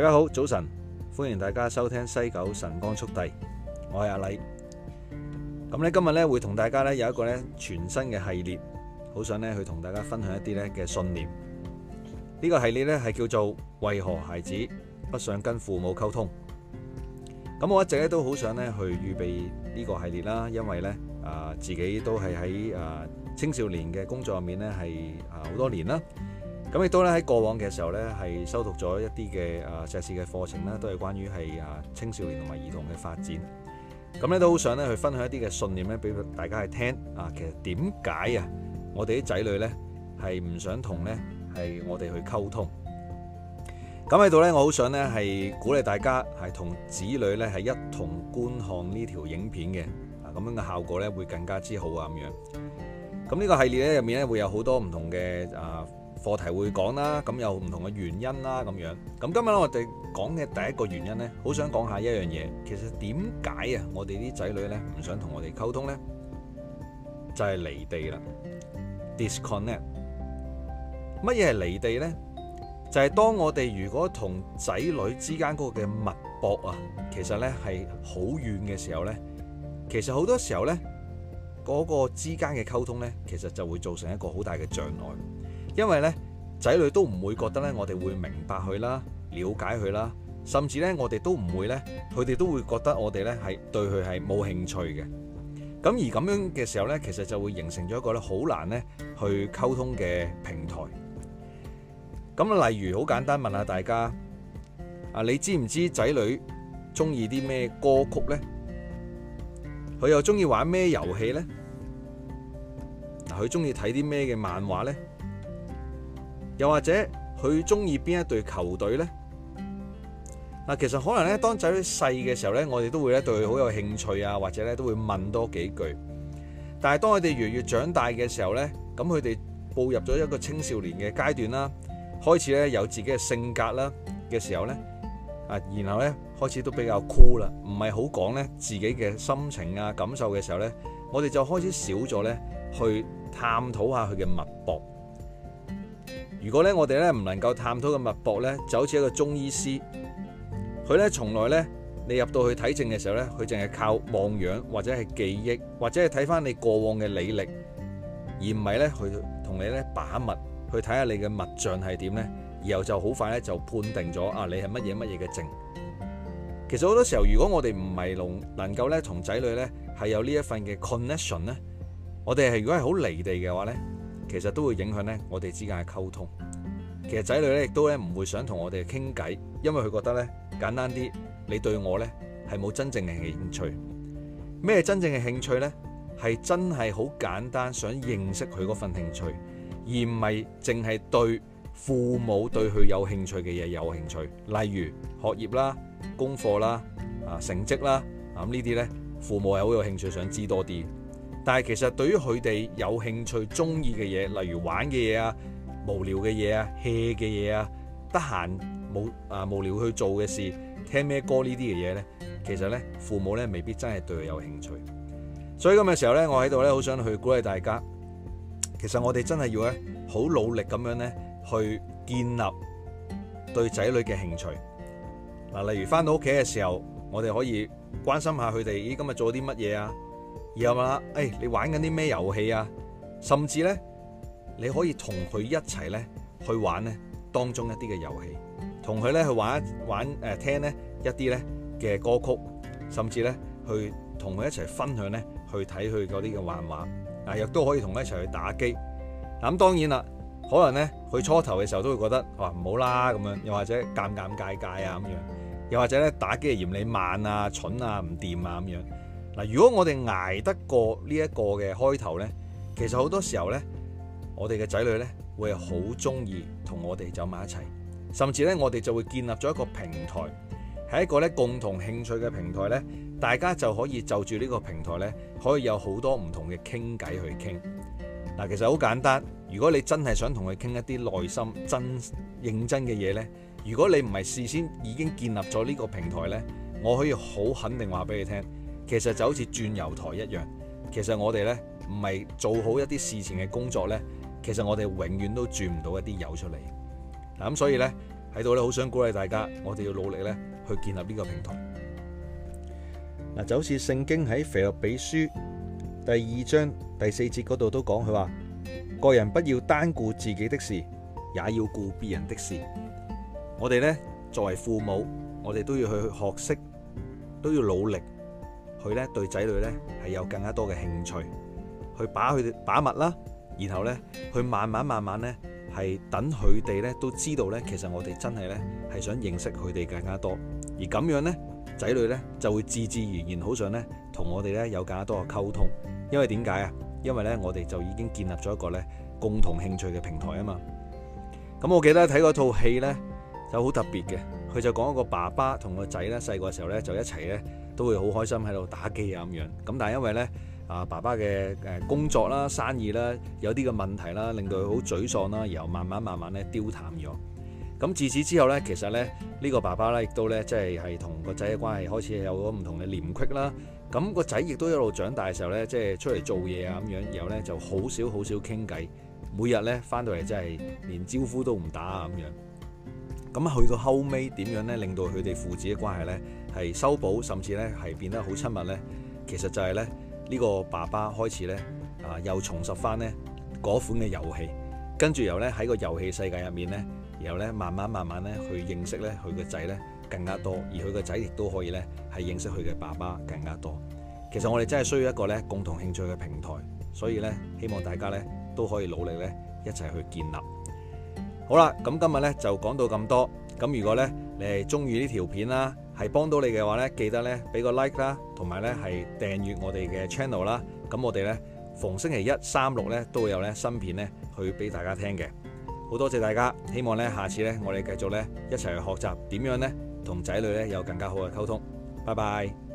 大家好，早晨，歡迎大家收聽西九晨光速遞，我係阿禮。咁咧今日咧會同大家咧有一個咧全新嘅系列，好想咧去同大家分享一啲咧嘅信念。呢個系列咧係叫做為何孩子不想跟父母溝通？咁我一直咧都好想咧去預備呢個系列啦，因為咧啊自己都係喺啊青少年嘅工作入面咧係啊好多年啦。咁亦都咧喺過往嘅時候咧，係修讀咗一啲嘅誒碩士嘅課程啦，都係關於係誒青少年同埋兒童嘅發展。咁咧都好想咧去分享一啲嘅信念咧，俾大家去聽啊。其實點解啊，我哋啲仔女咧係唔想同咧係我哋去溝通？咁喺度咧，我好想咧係鼓勵大家係同子女咧係一同觀看呢條影片嘅啊，咁樣嘅效果咧會更加之好啊咁樣。咁、這、呢個系列咧入面咧會有好多唔同嘅誒。課題會講啦，咁有唔同嘅原因啦，咁樣咁今日咧，我哋講嘅第一個原因咧，好想講下一樣嘢。其實點解啊？我哋啲仔女咧唔想同我哋溝通咧，就係離地啦，disconnect。乜嘢係離地咧？就係當我哋如果同仔女之間嗰個嘅脈搏啊，其實咧係好遠嘅時候咧，其實好多時候咧嗰個之間嘅溝通咧，其實就會造成一個好大嘅障礙。因為咧，仔女都唔會覺得咧，我哋會明白佢啦，了解佢啦，甚至咧，我哋都唔會咧，佢哋都會覺得我哋咧係對佢係冇興趣嘅。咁而咁樣嘅時候咧，其實就會形成咗一個咧好難咧去溝通嘅平台。咁例如好簡單問下大家啊，你知唔知仔女鍾意啲咩歌曲咧？佢又鍾意玩咩遊戲咧？嗱，佢鍾意睇啲咩嘅漫畫咧？又或者佢中意邊一隊球隊呢？嗱，其實可能咧，當仔女細嘅時候咧，我哋都會咧對佢好有興趣啊，或者咧都會問多幾句。但係當佢哋越越長大嘅時候呢，咁佢哋步入咗一個青少年嘅階段啦，開始咧有自己嘅性格啦嘅時候呢，啊，然後呢開始都比較酷 cool 啦，唔係好講呢自己嘅心情啊感受嘅時候呢，我哋就開始少咗呢去探討下佢嘅脈搏。如果咧我哋咧唔能夠探討嘅脈搏咧，就好似一個中醫師，佢咧從來咧你入到去睇症嘅時候咧，佢淨係靠望樣或者係記憶或者係睇返你過往嘅履歷，而唔係咧去同你咧把脈去睇下你嘅脈象係點咧，然後就好快咧就判定咗啊你係乜嘢乜嘢嘅症。其實好多時候，如果我哋唔係能能夠咧同仔女咧係有呢一份嘅 connection 咧，我哋係如果係好離地嘅話咧。其實都會影響咧，我哋之間嘅溝通。其實仔女咧亦都咧唔會想同我哋傾偈，因為佢覺得咧簡單啲，你對我咧係冇真正嘅興趣。咩真正嘅興趣咧？係真係好簡單，想認識佢嗰份興趣，而唔係淨係對父母對佢有興趣嘅嘢有興趣。例如學業啦、功課啦、啊成績啦，咁呢啲咧父母係好有興趣想知多啲。但係其實對於佢哋有興趣、中意嘅嘢，例如玩嘅嘢啊、無聊嘅嘢啊、hea 嘅嘢啊、得閒冇啊無聊去做嘅事、聽咩歌呢啲嘅嘢咧，其實咧父母咧未必真係對佢有興趣。所以咁嘅時候咧，我喺度咧好想去鼓勵大家，其實我哋真係要咧好努力咁樣咧去建立對仔女嘅興趣。嗱，例如返到屋企嘅時候，我哋可以關心下佢哋，咦今日做啲乜嘢啊？然後問，誒、哎，你玩緊啲咩遊戲啊？甚至咧，你可以同佢一齊咧去玩咧當中一啲嘅遊戲，同佢咧去玩玩誒聽咧一啲咧嘅歌曲，甚至咧去同佢一齊分享咧去睇佢嗰啲嘅漫畫。嗱、啊，亦都可以同佢一齊去打機。咁、啊、當然啦，可能咧佢初頭嘅時候都會覺得話唔好啦咁樣，又或者尷尷尬尬啊咁樣，又或者咧打機係嫌你慢啊、蠢啊、唔掂啊咁樣。嗱，如果我哋捱得過呢一個嘅開頭呢，其實好多時候呢，我哋嘅仔女呢會好中意同我哋走埋一齊，甚至呢，我哋就會建立咗一個平台，係一個咧共同興趣嘅平台呢。大家就可以就住呢個平台呢，可以有好多唔同嘅傾偈去傾。嗱，其實好簡單，如果你真係想同佢傾一啲內心真認真嘅嘢呢，如果你唔係事先已經建立咗呢個平台呢，我可以好肯定話俾你聽。其實就好似轉油台一樣，其實我哋呢，唔係做好一啲事情嘅工作呢。其實我哋永遠都轉唔到一啲油出嚟。嗱咁所以呢，喺度呢，好想鼓勵大家，我哋要努力呢，去建立呢個平台。嗱就好似聖經喺腓立比書第二章第四節嗰度都講，佢話，個人不要單顧自己的事，也要顧別人的事。我哋呢，作為父母，我哋都要去學識，都要努力。佢咧對仔女咧係有更加多嘅興趣，去把佢把脈啦，然後咧去慢慢慢慢咧係等佢哋咧都知道咧，其實我哋真係咧係想認識佢哋更加多，而咁樣咧仔女咧就會自自然然好想咧同我哋咧有更加多嘅溝通，因為點解啊？因為咧我哋就已經建立咗一個咧共同興趣嘅平台啊嘛。咁我記得睇嗰套戲咧就好特別嘅。佢就講一個爸爸同個仔咧，細個時候咧就一齊咧都會好開心喺度打機啊咁樣。咁但係因為咧啊爸爸嘅誒工作啦、生意啦有啲嘅問題啦，令到佢好沮喪啦，然後慢慢慢慢咧丟淡咗。咁自此之後咧，其實咧呢個爸爸咧亦都咧即係係同個仔嘅關係開始有咗唔同嘅嫌隙啦。咁個仔亦都一路長大嘅時候咧，即係出嚟做嘢啊咁樣，然後咧就好少好少傾偈，每日咧返到嚟即係連招呼都唔打啊咁樣。咁啊，去到後尾點樣咧，令到佢哋父子嘅關係咧，係修補，甚至咧係變得好親密咧。其實就係咧，呢個爸爸開始咧啊、呃，又重拾翻咧嗰款嘅遊戲，跟住又咧喺個遊戲世界入面咧，然後咧慢慢慢慢咧去認識咧佢個仔咧更加多，而佢個仔亦都可以咧係認識佢嘅爸爸更加多。其實我哋真係需要一個咧共同興趣嘅平台，所以咧希望大家咧都可以努力咧一齊去建立。好啦，咁今日咧就講到咁多。咁如果咧你係中意呢條片啦，係幫到你嘅話咧，記得咧俾個 like 啦，同埋咧係訂閱我哋嘅 channel 啦。咁我哋咧逢星期一、三、六咧都會有咧新片咧去俾大家聽嘅。好多謝大家，希望咧下次咧我哋繼續咧一齊去學習點樣咧同仔女咧有更加好嘅溝通。拜拜。